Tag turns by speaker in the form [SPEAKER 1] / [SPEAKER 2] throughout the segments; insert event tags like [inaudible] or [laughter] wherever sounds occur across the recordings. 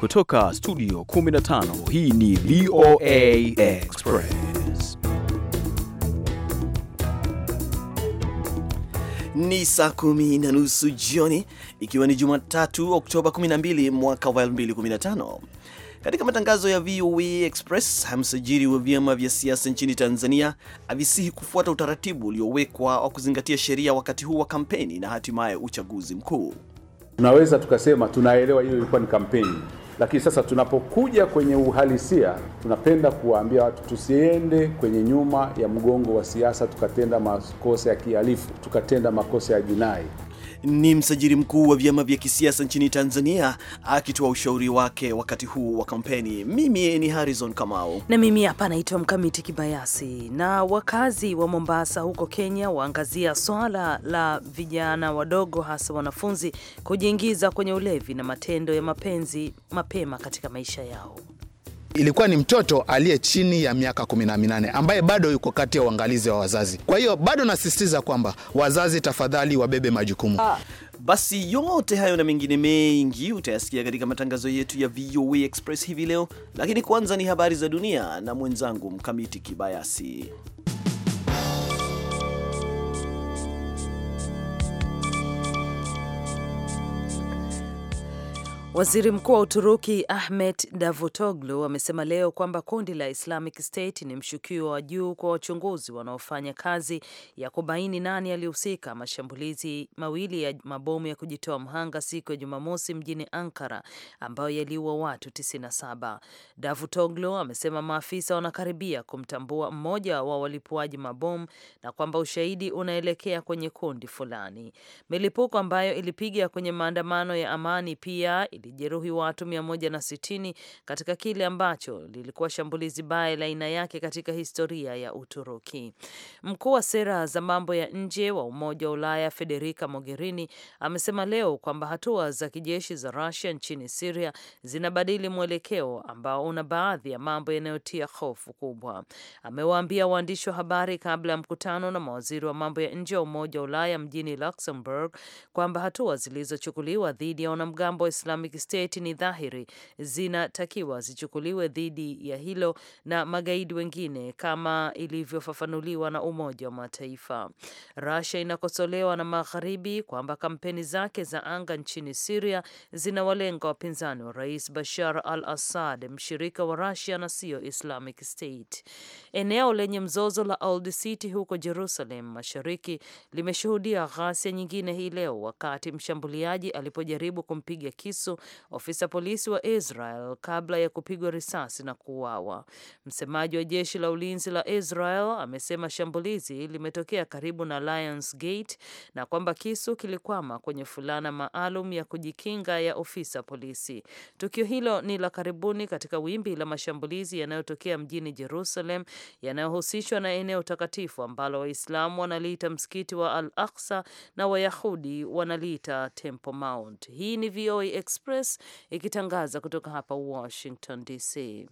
[SPEAKER 1] Kutoka studio 15 hii ni VOA Express. Ni saa kumi na nusu jioni ikiwa ni Jumatatu Oktoba 12 mwaka wa 2015. Katika matangazo ya VOA Express, msajili wa vyama vya siasa nchini Tanzania avisihi
[SPEAKER 2] kufuata utaratibu uliowekwa
[SPEAKER 1] wa kuzingatia sheria wakati huu wa kampeni na hatimaye uchaguzi
[SPEAKER 2] mkuu tunaweza tukasema tunaelewa hiyo ilikuwa ni kampeni, lakini sasa tunapokuja kwenye uhalisia, tunapenda kuwaambia watu tusiende kwenye nyuma ya mgongo wa siasa tukatenda makosa ya kihalifu, tukatenda makosa ya jinai. Ni msajili
[SPEAKER 1] mkuu wa vyama vya kisiasa nchini Tanzania akitoa ushauri wake wakati huu wa kampeni.
[SPEAKER 3] Mimi ni Harrison Kamau na mimi hapa naitwa Mkamiti Kibayasi. Na wakazi wa Mombasa huko Kenya waangazia swala la vijana wadogo, hasa wanafunzi, kujiingiza kwenye ulevi na matendo ya mapenzi mapema katika maisha yao
[SPEAKER 4] ilikuwa ni mtoto aliye chini ya miaka 18 ambaye bado yuko kati ya uangalizi wa wazazi. Kwa hiyo bado nasisitiza kwamba wazazi, tafadhali wabebe majukumu ah.
[SPEAKER 1] Basi yote hayo na mengine mengi utayasikia katika matangazo yetu ya VOA Express hivi leo, lakini kwanza ni habari za dunia na mwenzangu Mkamiti Kibayasi.
[SPEAKER 3] Waziri Mkuu wa Uturuki Ahmet Davutoglu amesema leo kwamba kundi la Islamic State ni mshukiwa wa juu kwa wachunguzi wanaofanya kazi ya kubaini nani alihusika mashambulizi mawili ya mabomu ya kujitoa mhanga siku ya Jumamosi mjini Ankara ambayo yaliua watu 97. Davutoglu amesema maafisa wanakaribia kumtambua mmoja wa walipuaji mabomu na kwamba ushahidi unaelekea kwenye kundi fulani. Milipuko ambayo ilipiga kwenye maandamano ya amani pia ili alijeruhi watu 160 katika kile ambacho lilikuwa shambulizi baya la aina yake katika historia ya Uturuki. Mkuu wa sera za mambo ya nje wa Umoja wa Ulaya Federica Mogherini amesema leo kwamba hatua za kijeshi za Russia nchini Syria zinabadili mwelekeo ambao una baadhi ya mambo yanayotia hofu kubwa. Amewaambia waandishi wa habari kabla ya mkutano na mawaziri wa mambo ya nje wa Umoja wa Ulaya mjini Luxembourg kwamba hatua zilizochukuliwa dhidi ya wanamgambo wa Islamic Islamic State ni dhahiri zinatakiwa zichukuliwe dhidi ya hilo na magaidi wengine kama ilivyofafanuliwa na Umoja wa Mataifa. Russia inakosolewa na Magharibi kwamba kampeni zake za anga nchini Syria zinawalenga wapinzani wa Rais Bashar al-Assad, mshirika wa Russia na sio Islamic State. Eneo lenye mzozo la Old City huko Jerusalem Mashariki limeshuhudia ghasia nyingine hii leo wakati mshambuliaji alipojaribu kumpiga kisu ofisa polisi wa Israel kabla ya kupigwa risasi na kuuawa. Msemaji wa jeshi la ulinzi la Israel amesema shambulizi limetokea karibu na Lions Gate na kwamba kisu kilikwama kwenye fulana maalum ya kujikinga ya ofisa polisi. Tukio hilo ni la karibuni katika wimbi la mashambulizi yanayotokea mjini Jerusalem yanayohusishwa na eneo takatifu ambalo Waislamu wanaliita msikiti wa Al Aqsa na Wayahudi wanaliita Temple Mount. Hii ni VOA Express Express ikitangaza kutoka hapa Washington DC.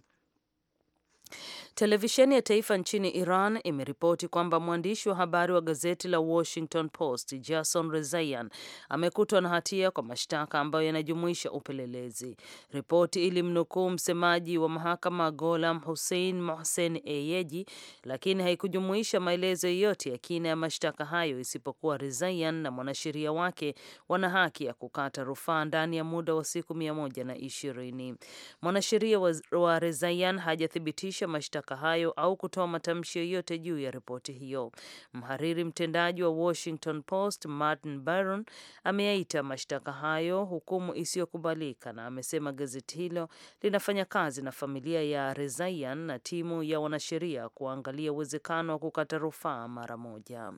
[SPEAKER 3] Televisheni ya taifa nchini Iran imeripoti kwamba mwandishi wa habari wa gazeti la Washington Post Jason Rezaian amekutwa na hatia kwa mashtaka ambayo yanajumuisha upelelezi. Ripoti ilimnukuu msemaji wa mahakama Golam Hussein Mohsen Eyeji, lakini haikujumuisha maelezo yoyote ya kina ya mashtaka hayo isipokuwa Rezaian na mwanasheria wake wana haki ya kukata rufaa ndani ya muda wa siku mia moja na ishirini. Mwanasheria wa Rezaian hajathibitisha kukanusha mashtaka hayo au kutoa matamshi yoyote juu ya ripoti hiyo. Mhariri mtendaji wa Washington Post Martin Baron ameyaita mashtaka hayo hukumu isiyokubalika na amesema gazeti hilo linafanya kazi na familia ya Rezaian na timu ya wanasheria kuangalia uwezekano wa kukata rufaa mara moja.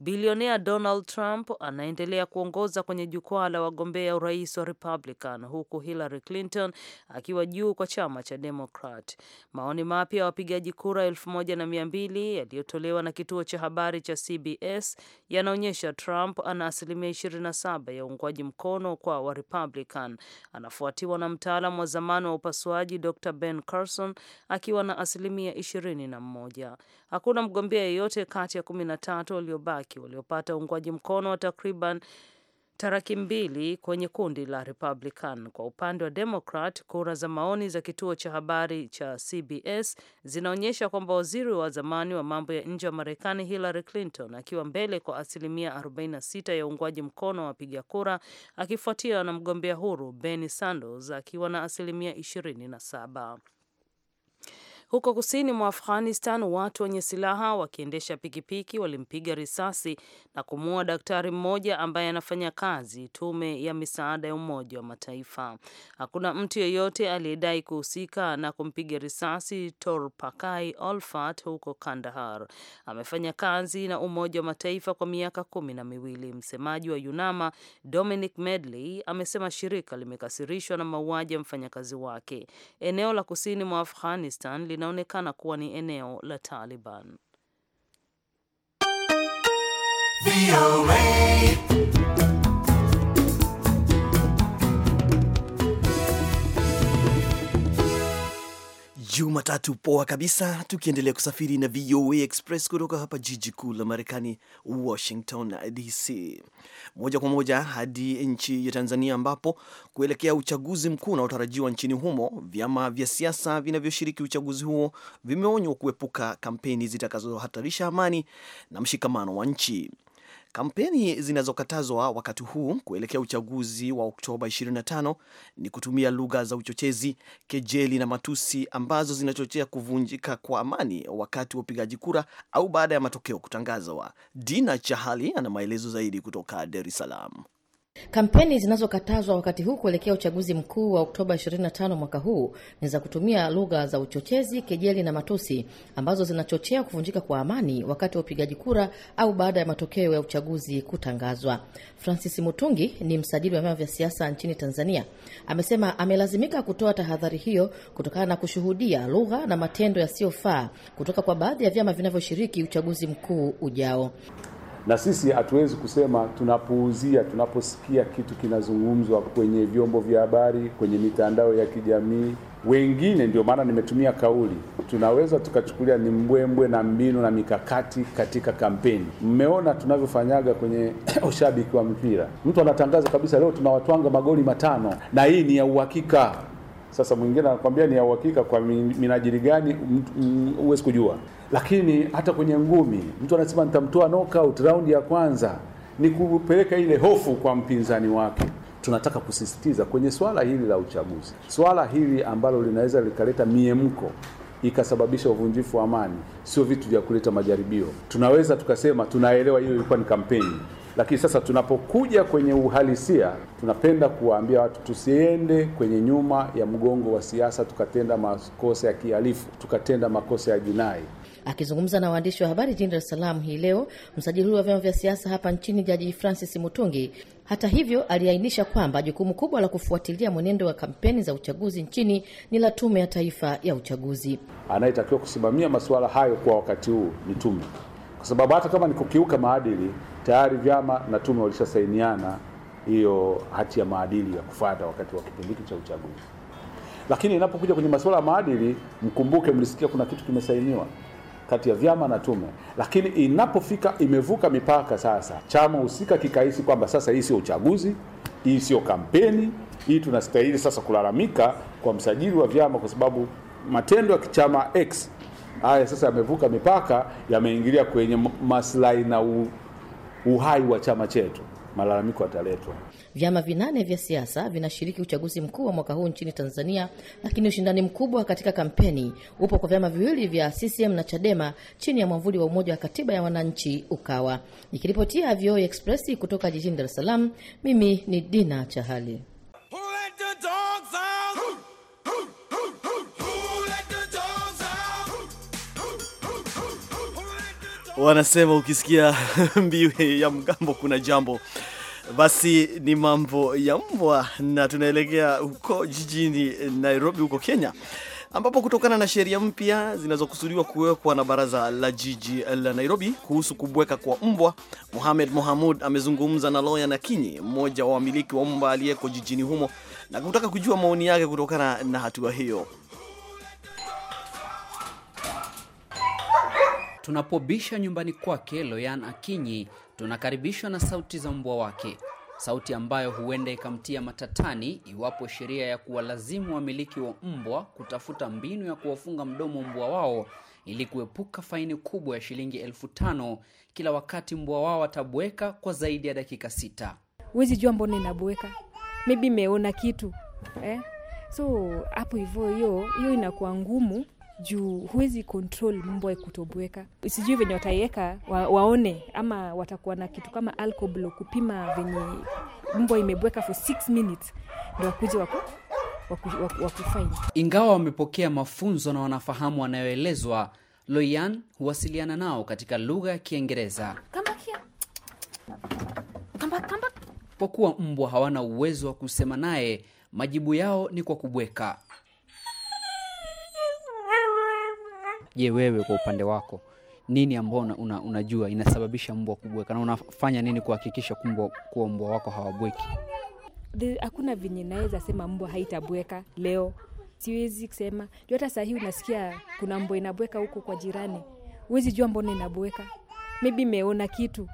[SPEAKER 3] Bilionea Donald Trump anaendelea kuongoza kwenye jukwaa la wagombea urais wa Republican huku Hillary Clinton akiwa juu kwa chama cha Democrat. Maoni mapya wapigaji kura elfu moja na mia mbili yaliyotolewa na kituo cha habari cha CBS yanaonyesha Trump ana asilimia 27 ya uungwaji mkono kwa Warepublican. Anafuatiwa na mtaalamu wa zamani wa upasuaji Dr Ben Carson akiwa na asilimia 21. Hakuna mgombea yeyote kati ya 13 waliobaki waliopata uungwaji mkono wa takriban taraki mbili kwenye kundi la Republican. Kwa upande wa Democrat, kura za maoni za kituo cha habari cha CBS zinaonyesha kwamba waziri wa zamani wa mambo ya nje wa Marekani Hillary Clinton akiwa mbele kwa asilimia 46 ya uungwaji mkono wa wapiga kura, akifuatiwa na mgombea huru Bernie Sanders akiwa na asilimia 27. Huko kusini mwa Afghanistan, watu wenye silaha wakiendesha pikipiki walimpiga risasi na kumuua daktari mmoja ambaye anafanya kazi tume ya misaada ya Umoja wa Mataifa. Hakuna mtu yeyote aliyedai kuhusika na kumpiga risasi Torpakai Olfat huko Kandahar. Amefanya kazi na Umoja wa Mataifa kwa miaka kumi na miwili. Msemaji wa Yunama Dominic Medley amesema shirika limekasirishwa na mauaji ya mfanyakazi wake. Eneo la kusini mwa Afghanistan linaonekana kuwa ni eneo la Taliban.
[SPEAKER 1] Jumatatu poa kabisa, tukiendelea kusafiri na VOA Express kutoka hapa jiji kuu la Marekani, Washington DC, moja kwa moja hadi nchi ya Tanzania, ambapo kuelekea uchaguzi mkuu unaotarajiwa nchini humo, vyama vya siasa vinavyoshiriki uchaguzi huo vimeonywa kuepuka kampeni zitakazohatarisha amani na mshikamano wa nchi. Kampeni zinazokatazwa wakati huu kuelekea uchaguzi wa Oktoba 25 ni kutumia lugha za uchochezi, kejeli na matusi ambazo zinachochea kuvunjika kwa amani wakati wa upigaji kura au baada ya matokeo kutangazwa. Dina Chahali ana maelezo zaidi kutoka Dar es Salaam.
[SPEAKER 5] Kampeni zinazokatazwa wakati huu kuelekea uchaguzi mkuu wa Oktoba 25 mwaka huu ni za kutumia lugha za uchochezi, kejeli na matusi ambazo zinachochea kuvunjika kwa amani wakati wa upigaji kura au baada ya matokeo ya uchaguzi kutangazwa. Francis Mutungi ni msajili wa vyama vya siasa nchini Tanzania, amesema amelazimika kutoa tahadhari hiyo kutokana na kushuhudia lugha na matendo yasiyofaa kutoka kwa baadhi ya vyama vinavyoshiriki uchaguzi mkuu
[SPEAKER 2] ujao na sisi hatuwezi kusema tunapuuzia tunaposikia kitu kinazungumzwa kwenye vyombo vya habari, kwenye mitandao ya kijamii. Wengine ndio maana nimetumia kauli, tunaweza tukachukulia ni mbwembwe na mbinu na mikakati katika kampeni. Mmeona tunavyofanyaga kwenye [clears throat] ushabiki wa mpira, mtu anatangaza kabisa, leo tunawatwanga magoli matano, na hii ni ya uhakika. Sasa mwingine anakwambia ni ya uhakika, kwa minajili gani? Huwezi kujua lakini hata kwenye ngumi mtu anasema nitamtoa knockout round ya kwanza, ni kupeleka ile hofu kwa mpinzani wake. Tunataka kusisitiza kwenye swala hili la uchaguzi, swala hili ambalo linaweza likaleta miemko ikasababisha uvunjifu wa amani, sio vitu vya kuleta majaribio. Tunaweza tukasema tunaelewa hiyo ilikuwa ni kampeni, lakini sasa tunapokuja kwenye uhalisia, tunapenda kuwaambia watu tusiende kwenye nyuma ya mgongo wa siasa, tukatenda makosa ya kihalifu, tukatenda makosa ya jinai.
[SPEAKER 5] Akizungumza na waandishi wa habari jijini Dar es Salaam hii leo, msajili wa vyama vya siasa hapa nchini Jaji Francis Mutungi hata hivyo aliainisha kwamba jukumu kubwa la kufuatilia mwenendo wa kampeni za uchaguzi nchini ni la Tume ya Taifa
[SPEAKER 2] ya Uchaguzi. Anayetakiwa kusimamia masuala hayo kwa wakati huu ni tume, kwa sababu hata kama ni kukiuka maadili, tayari vyama na tume walishasainiana hiyo hati ya maadili ya kufuata wakati wa kipindi hiki cha uchaguzi. Lakini inapokuja kwenye masuala ya maadili, mkumbuke, mlisikia kuna kitu kimesainiwa kati ya vyama na tume, lakini inapofika imevuka mipaka sasa, chama husika kikahisi kwamba sasa hii sio uchaguzi, hii sio kampeni, hii tunastahili sasa kulalamika kwa msajili wa vyama, kwa sababu matendo ya kichama X haya sasa yamevuka mipaka, yameingilia kwenye maslahi na uhai wa chama chetu, malalamiko yataletwa.
[SPEAKER 5] Vyama vinane vya siasa vinashiriki uchaguzi mkuu wa mwaka huu nchini Tanzania, lakini ushindani mkubwa katika kampeni upo kwa vyama viwili vya CCM na Chadema chini ya mwamvuli wa Umoja wa Katiba ya Wananchi, Ukawa. Nikiripotia vo Express kutoka jijini dares salam Salaam, mimi ni Dina Chahali. Wanasema
[SPEAKER 1] ukisikia [laughs] mbiu ya mgambo kuna jambo. Basi ni mambo ya mbwa, na tunaelekea huko jijini Nairobi, huko Kenya, ambapo kutokana na sheria mpya zinazokusudiwa kuwekwa na baraza la jiji la Nairobi kuhusu kubweka kwa mbwa, Mohamed Mohamud amezungumza na Loya Kinyi, mmoja wa wamiliki wa mbwa aliyeko jijini humo, na kutaka kujua maoni yake kutokana na hatua hiyo.
[SPEAKER 6] Tunapobisha nyumbani kwake, Loyan Akinyi tunakaribishwa na sauti za mbwa wake, sauti ambayo huenda ikamtia matatani iwapo sheria ya kuwalazimu wamiliki wa mbwa kutafuta mbinu ya kuwafunga mdomo mbwa wao ili kuepuka faini kubwa ya shilingi elfu tano kila wakati mbwa wao atabweka kwa zaidi ya dakika sita.
[SPEAKER 7] Huwezi jua mbona inabweka, maybe imeona kitu eh? So hapo hivyo hiyo hiyo inakuwa ngumu juu huwezi control mambo ya kutobweka. Sijui venye wataiweka wa, waone ama watakuwa na kitu kama alcoblo kupima venye mbwa imebweka for 6 minutes ndo wakuja waku wakufaini.
[SPEAKER 6] Ingawa wamepokea mafunzo na wanafahamu wanayoelezwa, Loyan huwasiliana nao katika lugha ya Kiingereza. Kwa kuwa mbwa hawana uwezo wa kusema naye, majibu yao ni kwa kubweka. Je, wewe kwa upande wako nini ambao una, unajua inasababisha mbwa kubweka na unafanya nini kuhakikisha kuwa mbwa wako hawabweki?
[SPEAKER 7] Hakuna vinye naweza sema mbwa haitabweka leo, siwezi kusema juu. Hata sahii unasikia kuna mbwa inabweka huko kwa jirani, huwezi jua mbona inabweka, maybe imeona kitu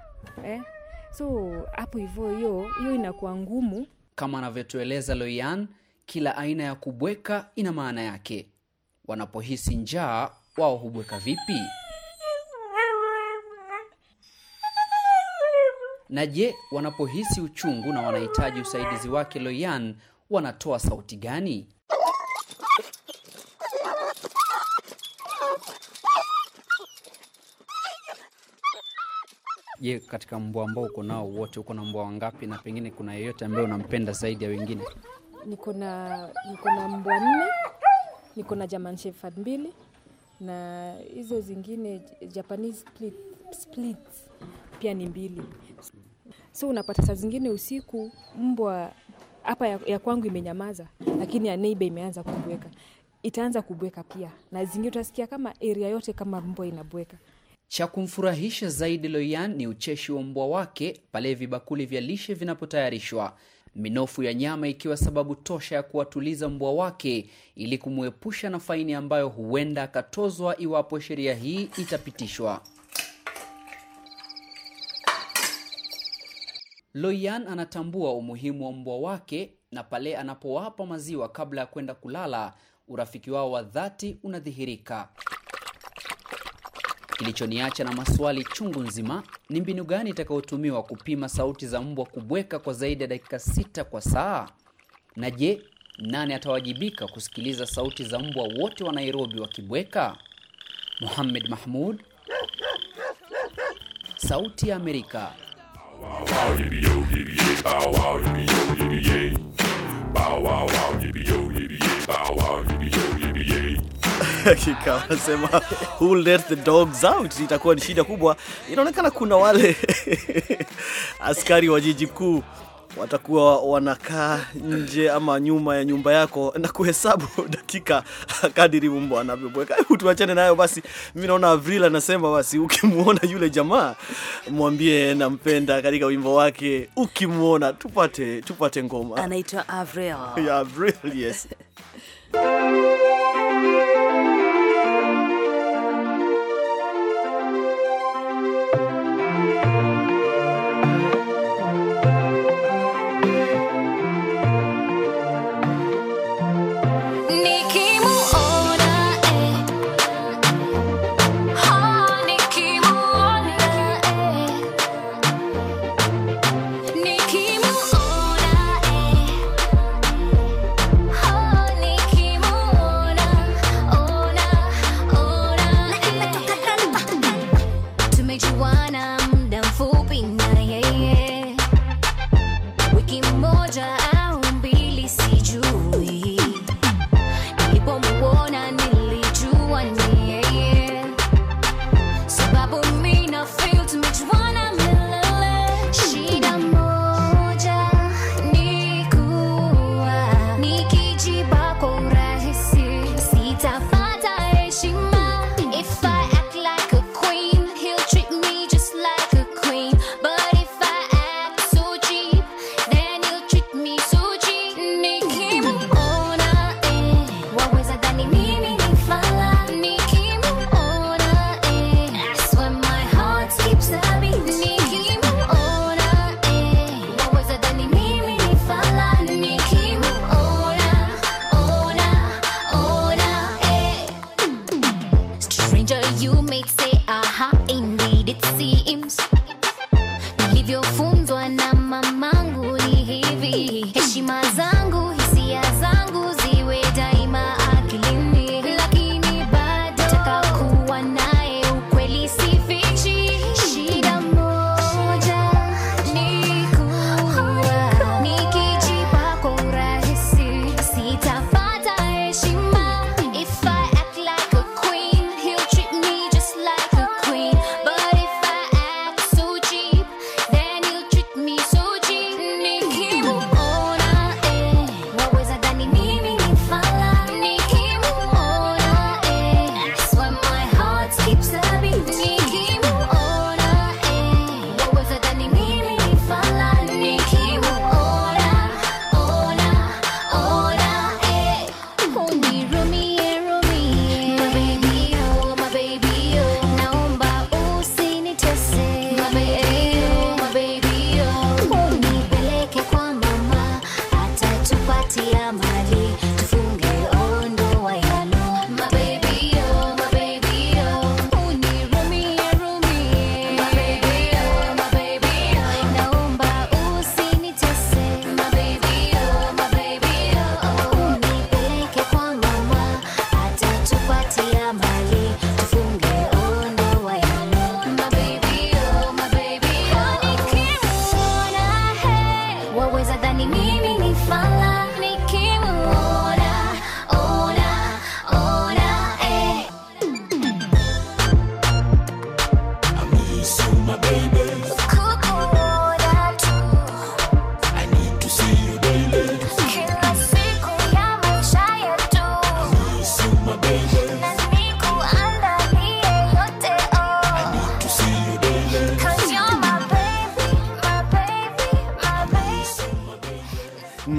[SPEAKER 7] eh? So hapo hivyo, hiyo hiyo inakuwa ngumu.
[SPEAKER 6] Kama anavyotueleza loyan kila aina ya kubweka ina maana yake. Wanapohisi njaa wao hubweka vipi? Na je, wanapohisi uchungu na wanahitaji usaidizi wake Loyan, wanatoa sauti gani? Je, katika mbwa ambao uko nao wote, uko na mbwa wangapi, na pengine kuna yeyote ambaye unampenda zaidi ya wengine?
[SPEAKER 7] Niko na niko na mbwa nne, niko na German Shepherd mbili na hizo zingine Japanese split, split pia ni mbili. So unapata saa zingine usiku mbwa hapa ya, ya kwangu imenyamaza, lakini ya neiba imeanza kubweka, itaanza kubweka pia, na zingine utasikia kama area yote kama mbwa inabweka.
[SPEAKER 6] Cha kumfurahisha zaidi Loyan ni ucheshi wa mbwa wake pale vibakuli vya lishe vinapotayarishwa minofu ya nyama ikiwa sababu tosha ya kuwatuliza mbwa wake ili kumwepusha na faini ambayo huenda akatozwa iwapo sheria hii itapitishwa. Loyan anatambua umuhimu wa mbwa wake na pale anapowapa maziwa kabla ya kwenda kulala, urafiki wao wa dhati unadhihirika. Kilichoniacha na maswali chungu nzima ni mbinu gani itakayotumiwa kupima sauti za mbwa kubweka kwa zaidi ya dakika sita kwa saa, na je, nani atawajibika kusikiliza sauti za mbwa wote wa Nairobi wakibweka? Mohamed Mahmud, Sauti ya Amerika
[SPEAKER 1] hakika wanasema who let the dogs out itakuwa ni shida kubwa. Inaonekana kuna wale [laughs] askari wa jiji kuu watakuwa wanakaa nje ama nyuma ya nyumba yako na kuhesabu [laughs] dakika kadiri mbwa anavyobweka. Hebu tuachane nayo basi. Mimi naona Avril anasema basi, ukimwona yule jamaa mwambie nampenda, katika wimbo wake ukimwona. Tupate tupate ngoma,
[SPEAKER 3] anaitwa Avril
[SPEAKER 1] ya Avril, yes [laughs]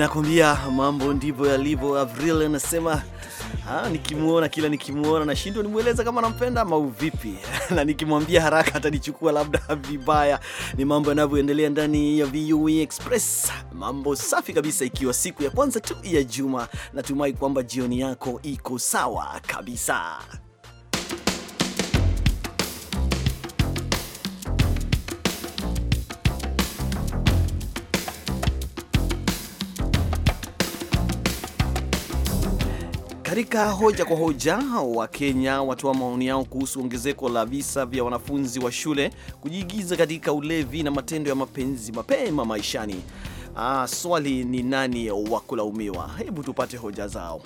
[SPEAKER 1] anakwambia mambo ndivyo yalivyo. Avril anasema nikimwona ah, nikimuona kila nikimuona nashindwa nimweleza kama nampenda au vipi, [laughs] na nikimwambia haraka atanichukua labda [laughs] vibaya. Ni mambo yanavyoendelea ndani ya VUE Express, mambo safi kabisa, ikiwa siku ya kwanza tu ya juma. Natumai kwamba jioni yako iko sawa kabisa. Katika hoja kwa hoja, kenya watoa maoni yao kuhusu ongezeko la visa vya wanafunzi wa shule kujiingiza katika ulevi na matendo ya mapenzi mapema maishani. Ah, swali ni nani wa kulaumiwa? Hebu tupate hoja zao.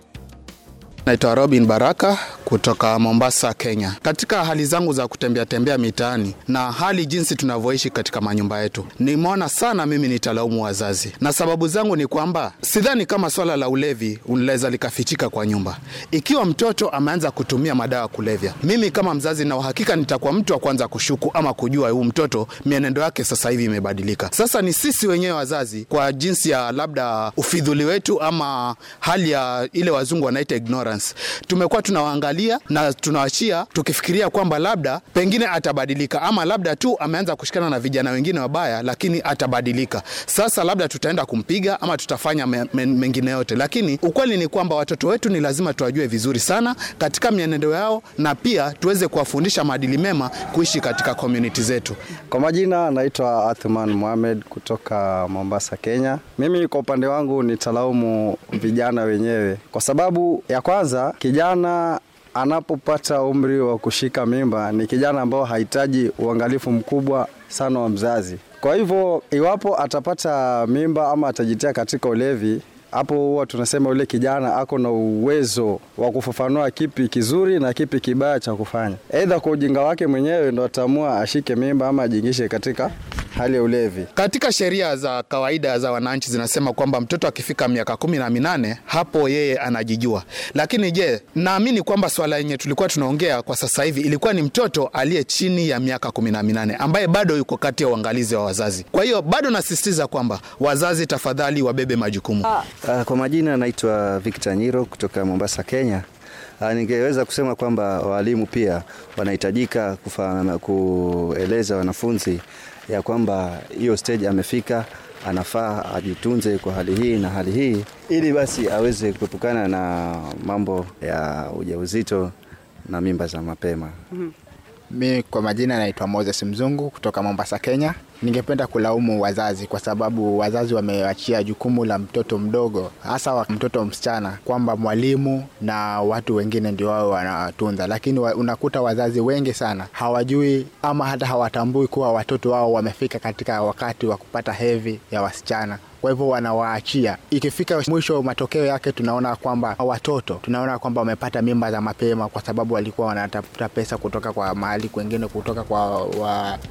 [SPEAKER 4] Naitwa Robin Baraka kutoka Mombasa, Kenya. Katika hali zangu za kutembea tembea mitaani na hali jinsi tunavyoishi katika manyumba yetu, nimeona sana mimi nitalaumu wazazi, na sababu zangu ni kwamba sidhani kama swala la ulevi unaweza likafichika kwa nyumba. Ikiwa mtoto ameanza kutumia madawa kulevya, mimi kama mzazi na uhakika nitakuwa mtu wa kwanza kushuku ama kujua huu mtoto mienendo yake sasa hivi imebadilika. Sasa ni sisi wenyewe wazazi, kwa jinsi ya labda ufidhuli wetu ama hali ya ile wazungu wanaita ignorance Insurance. Tumekuwa tunawaangalia na tunawachia tukifikiria kwamba labda pengine atabadilika ama labda tu ameanza kushikana na vijana wengine wabaya, lakini atabadilika. Sasa labda tutaenda kumpiga ama tutafanya me, me, mengine yote, lakini ukweli ni kwamba watoto wetu ni lazima tuwajue vizuri sana katika mienendo yao na pia tuweze kuwafundisha maadili mema kuishi katika komuniti zetu. Kwa majina naitwa Athman Mohamed kutoka Mombasa, Kenya. Mimi kwa upande wangu nitalaumu vijana wenyewe kwa sababu ya kwanza kwanza, kijana anapopata umri wa kushika mimba ni kijana ambao hahitaji uangalifu mkubwa sana wa mzazi. Kwa hivyo, iwapo atapata mimba ama atajitia katika ulevi, hapo huwa tunasema yule kijana ako na uwezo wa kufafanua kipi kizuri na kipi kibaya cha kufanya. Aidha kwa ujinga wake mwenyewe ndo atamua ashike mimba ama ajingishe katika hali ya ulevi. Katika sheria za kawaida za wananchi zinasema kwamba mtoto akifika miaka kumi na minane hapo yeye anajijua, lakini je, naamini kwamba swala yenye tulikuwa tunaongea kwa sasa hivi ilikuwa ni mtoto aliye chini ya miaka kumi na minane ambaye bado yuko kati ya uangalizi wa wazazi. Kwa hiyo bado nasisitiza kwamba wazazi, tafadhali wabebe majukumu.
[SPEAKER 7] Ah, Ah, kwa majina naitwa Victor Nyiro kutoka Mombasa, Kenya. Ah, ningeweza kusema kwamba walimu pia wanahitajika kufanana kueleza wanafunzi ya kwamba hiyo stage amefika, anafaa ajitunze kwa hali hii na hali hii, ili basi aweze kuepukana na mambo ya ujauzito na mimba za mapema.
[SPEAKER 4] Mi kwa majina naitwa Moses Mzungu kutoka Mombasa, Kenya. Ningependa kulaumu wazazi kwa sababu wazazi wameachia jukumu la mtoto mdogo, hasa mtoto msichana, kwamba mwalimu na watu wengine ndio wao wanatunza, lakini wa, unakuta wazazi wengi sana hawajui ama hata hawatambui kuwa watoto wao wamefika katika wakati wa kupata hevi ya wasichana kwa hivyo wanawaachia. Ikifika mwisho, matokeo yake tunaona kwamba watoto tunaona kwamba wamepata mimba za mapema, kwa sababu walikuwa wanatafuta pesa kutoka kwa mahali kwengine, kutoka kwa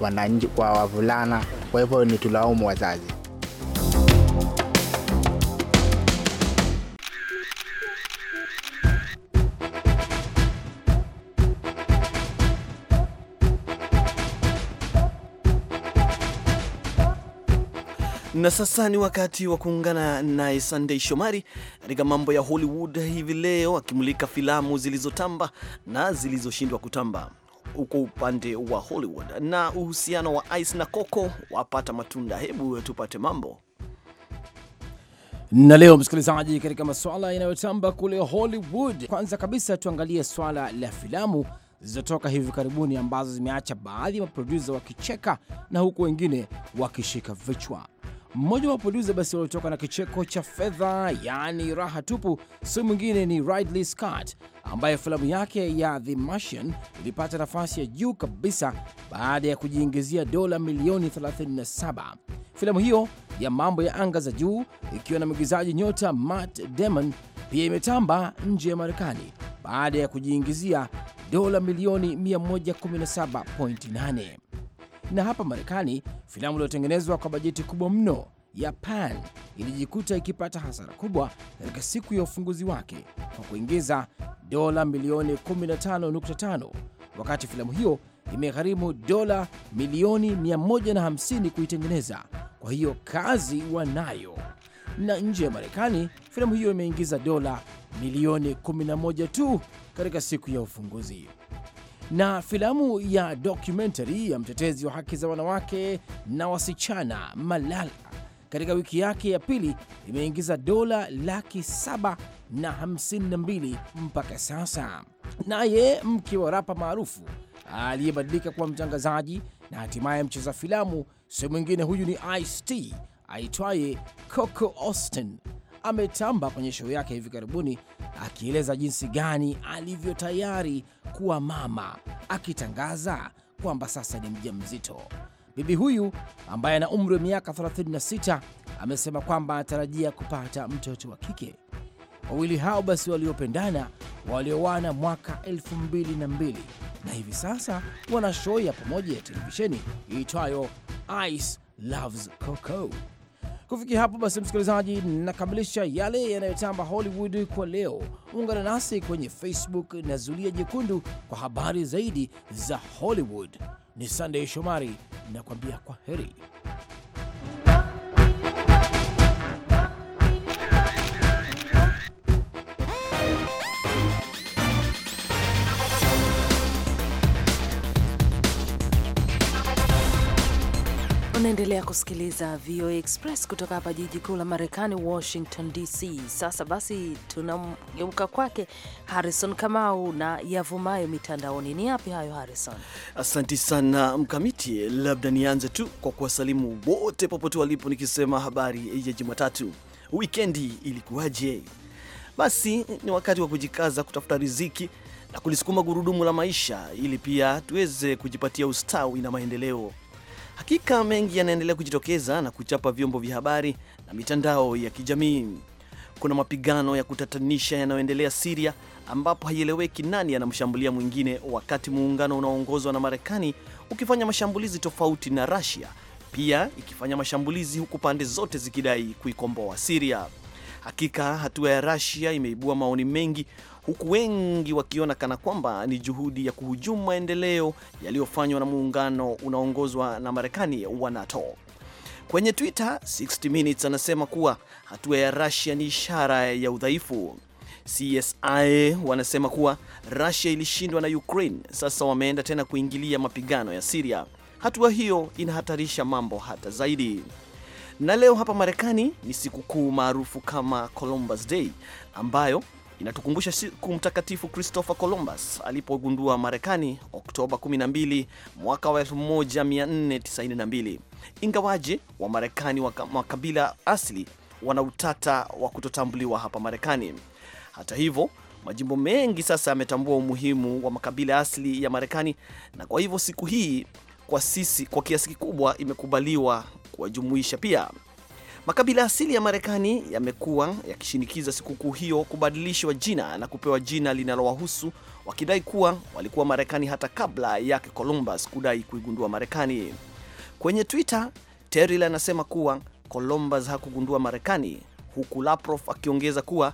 [SPEAKER 4] wananji, kwa wavulana sana, kwa hivyo ni tulaumu wazazi.
[SPEAKER 1] Na sasa ni wakati wa kuungana naye sandey Shomari katika mambo ya Hollywood hivi leo akimulika filamu zilizotamba na zilizoshindwa kutamba huko upande wa Hollywood, na uhusiano wa Ice na Coco wapata matunda. Hebu tupate mambo
[SPEAKER 8] na leo msikilizaji, katika masuala yanayotamba kule Hollywood, kwanza kabisa tuangalie swala la filamu zilizotoka hivi karibuni ambazo zimeacha baadhi ya maprodusa wakicheka na huku wengine wakishika vichwa. Mmoja wa produsa basi waliotoka na kicheko cha fedha, yaani raha tupu, si mwingine ni Ridley Scott ambaye filamu yake ya The Martian ilipata nafasi ya juu kabisa baada ya kujiingizia dola milioni 37. Filamu hiyo ya mambo ya anga za juu ikiwa na mwigizaji nyota Matt Damon pia imetamba nje ya Marekani baada ya kujiingizia dola milioni 117.8. Na hapa Marekani, filamu iliyotengenezwa kwa bajeti kubwa mno ya Pan ilijikuta ikipata hasara kubwa katika siku ya ufunguzi wake kwa kuingiza dola milioni 15.5 wakati filamu hiyo imegharimu dola milioni 150 kuitengeneza. Kwa hiyo kazi wanayo, na nje ya Marekani filamu hiyo imeingiza dola milioni 11 tu katika siku ya ufunguzi na filamu ya documentary ya mtetezi wa haki za wanawake na wasichana Malala katika wiki yake ya pili imeingiza dola laki saba na hamsini na mbili mpaka sasa. Naye mke wa rapa maarufu aliyebadilika kuwa mtangazaji na hatimaye mcheza filamu sehemu mwingine, huyu ni Ice-T aitwaye Coco Austin ametamba kwenye show yake hivi karibuni akieleza jinsi gani alivyo tayari kuwa mama, akitangaza kwamba sasa ni mja mzito Bibi huyu ambaye ana umri wa miaka 36 amesema kwamba anatarajia kupata mtoto wa kike. Wawili hao basi waliopendana waliowana mwaka 2002 na hivi sasa wana show ya pamoja ya televisheni iitwayo Ice Loves Coco. Kufikia hapo basi, msikilizaji, nakamilisha yale yanayotamba Hollywood kwa leo. Ungana nasi kwenye Facebook na Zulia Jekundu kwa habari zaidi za Hollywood. Ni Sunday Shomari nakwambia kwa heri.
[SPEAKER 3] Unaendelea kusikiliza VOA Express kutoka hapa jiji kuu la Marekani, Washington DC. Sasa basi, tunamgeuka kwake Harrison Kamau na yavumayo mitandaoni. Ni yapi hayo, Harrison?
[SPEAKER 1] Asanti sana Mkamiti, labda nianze tu kwa kuwasalimu wote popote walipo, nikisema habari ya Jumatatu. Wikendi ilikuwaje? Basi ni wakati wa kujikaza kutafuta riziki na kulisukuma gurudumu la maisha, ili pia tuweze kujipatia ustawi na maendeleo. Hakika mengi yanaendelea kujitokeza na kuchapa vyombo vya habari na mitandao ya kijamii. Kuna mapigano ya kutatanisha yanayoendelea Siria, ambapo haieleweki nani anamshambulia mwingine, wakati muungano unaoongozwa na Marekani ukifanya mashambulizi tofauti na rasia pia ikifanya mashambulizi, huku pande zote zikidai kuikomboa Siria. Hakika hatua ya Russia imeibua maoni mengi, huku wengi wakiona kana kwamba ni juhudi ya kuhujumu maendeleo yaliyofanywa na muungano unaoongozwa na Marekani wa NATO. Kwenye Twitter 60 Minutes anasema kuwa hatua ya Russia ni ishara ya udhaifu. CSI wanasema kuwa Russia ilishindwa na Ukraine, sasa wameenda tena kuingilia mapigano ya Syria. Hatua hiyo inahatarisha mambo hata zaidi. Na leo hapa Marekani ni sikukuu maarufu kama Columbus Day ambayo inatukumbusha siku mtakatifu Christopher Columbus alipogundua Marekani Oktoba 12 mwaka wa 1492. Ingawaje wa Marekani wa asli asili wana utata wa kutotambuliwa hapa Marekani. Hata hivyo, majimbo mengi sasa yametambua umuhimu wa makabila asili ya Marekani na kwa hivyo siku hii kwa sisi kwa kiasi kikubwa imekubaliwa kuwajumuisha pia. Makabila asili ya Marekani yamekuwa yakishinikiza sikukuu hiyo kubadilishwa jina na kupewa jina linalowahusu, wakidai kuwa walikuwa Marekani hata kabla yake Columbus kudai kuigundua Marekani. Kwenye Twitter, Terry anasema kuwa Columbus hakugundua Marekani, huku Laprof akiongeza kuwa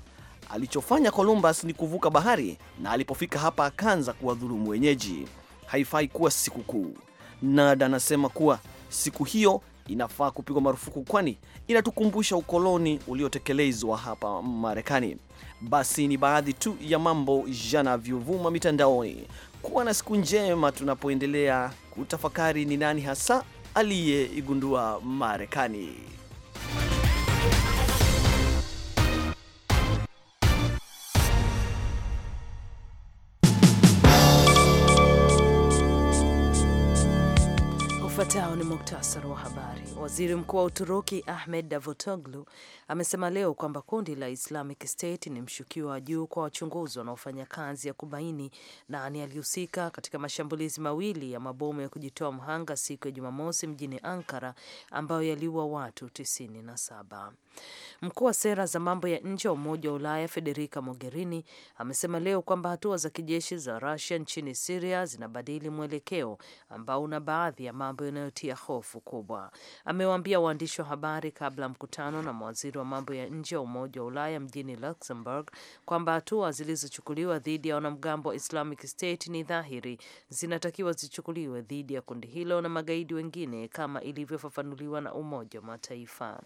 [SPEAKER 1] alichofanya Columbus ni kuvuka bahari na alipofika hapa akaanza kuwadhulumu wenyeji. Haifai kuwa sikukuu nada anasema kuwa siku hiyo inafaa kupigwa marufuku kwani inatukumbusha ukoloni uliotekelezwa hapa Marekani. Basi ni baadhi tu ya mambo yanavyovuma mitandaoni. Kuwa na siku njema tunapoendelea kutafakari ni nani hasa aliyeigundua Marekani.
[SPEAKER 3] Muktasari wa habari. Waziri mkuu wa Uturuki Ahmed Davutoglu amesema leo kwamba kundi la Islamic State ni mshukiwa wa juu kwa wachunguzi wanaofanya kazi ya kubaini nani alihusika katika mashambulizi mawili ya mabomu ya kujitoa mhanga siku ya Jumamosi mjini Ankara ambayo yaliua watu 97. Mkuu wa sera za mambo ya nje wa Umoja wa Ulaya Federica Mogherini amesema leo kwamba hatua za kijeshi za Rusia nchini Siria zinabadili mwelekeo ambao una baadhi ya mambo yanayotia hofu kubwa. Amewaambia waandishi wa habari kabla ya mkutano na mawaziri wa mambo ya nje wa Umoja wa Ulaya mjini Luxembourg kwamba hatua zilizochukuliwa dhidi ya wanamgambo wa Islamic State ni dhahiri zinatakiwa zichukuliwe dhidi ya kundi hilo na magaidi wengine kama ilivyofafanuliwa na Umoja wa Mataifa.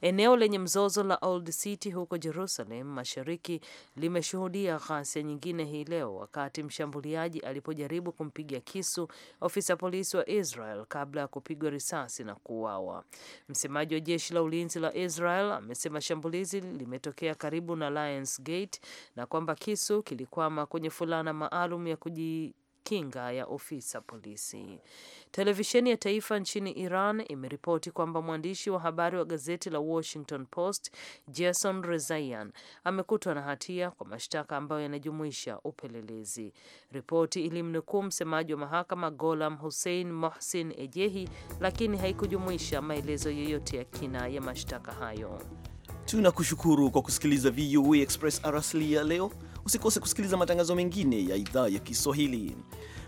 [SPEAKER 3] Eneo lenye mzozo la Old City huko Jerusalem Mashariki limeshuhudia ghasia nyingine hii leo wakati mshambuliaji alipojaribu kumpiga kisu ofisa polisi wa Israel kabla ya kupigwa risasi na kuuawa. Msemaji wa jeshi la ulinzi la Israel amesema shambulizi limetokea karibu na Lions Gate na kwamba kisu kilikwama kwenye fulana maalum ya kuji kinga ya ofisa polisi. Televisheni ya taifa nchini Iran imeripoti kwamba mwandishi wa habari wa gazeti la Washington Post Jason Rezaian amekutwa na hatia kwa mashtaka ambayo yanajumuisha upelelezi. Ripoti ilimnukuu msemaji wa mahakama Golam Hussein Mohsin Ejehi, lakini haikujumuisha maelezo yoyote ya kina ya mashtaka hayo.
[SPEAKER 1] Tunakushukuru kwa kusikiliza VOA Express arasli ya leo. Usikose kusikiliza matangazo mengine ya idhaa ya Kiswahili.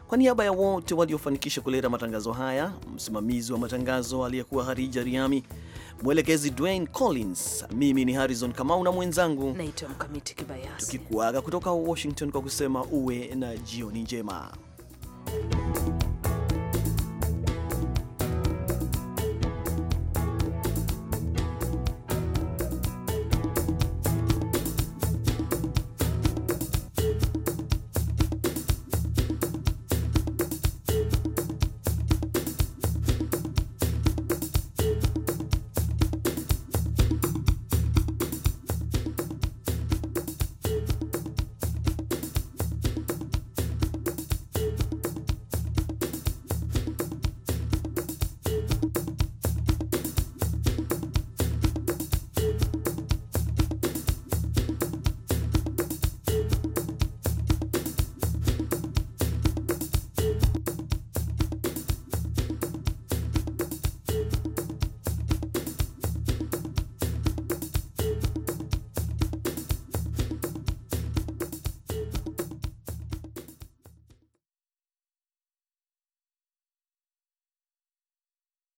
[SPEAKER 1] Kwa niaba ya wote waliofanikisha kuleta matangazo haya, msimamizi wa matangazo aliyekuwa Harija Riami, mwelekezi Dwayne Collins, mimi ni Harrison Kamau na mwenzangu
[SPEAKER 3] naitwa Mkamiti Kibayasi,
[SPEAKER 1] tukikuaga kutoka Washington kwa kusema uwe na jioni njema.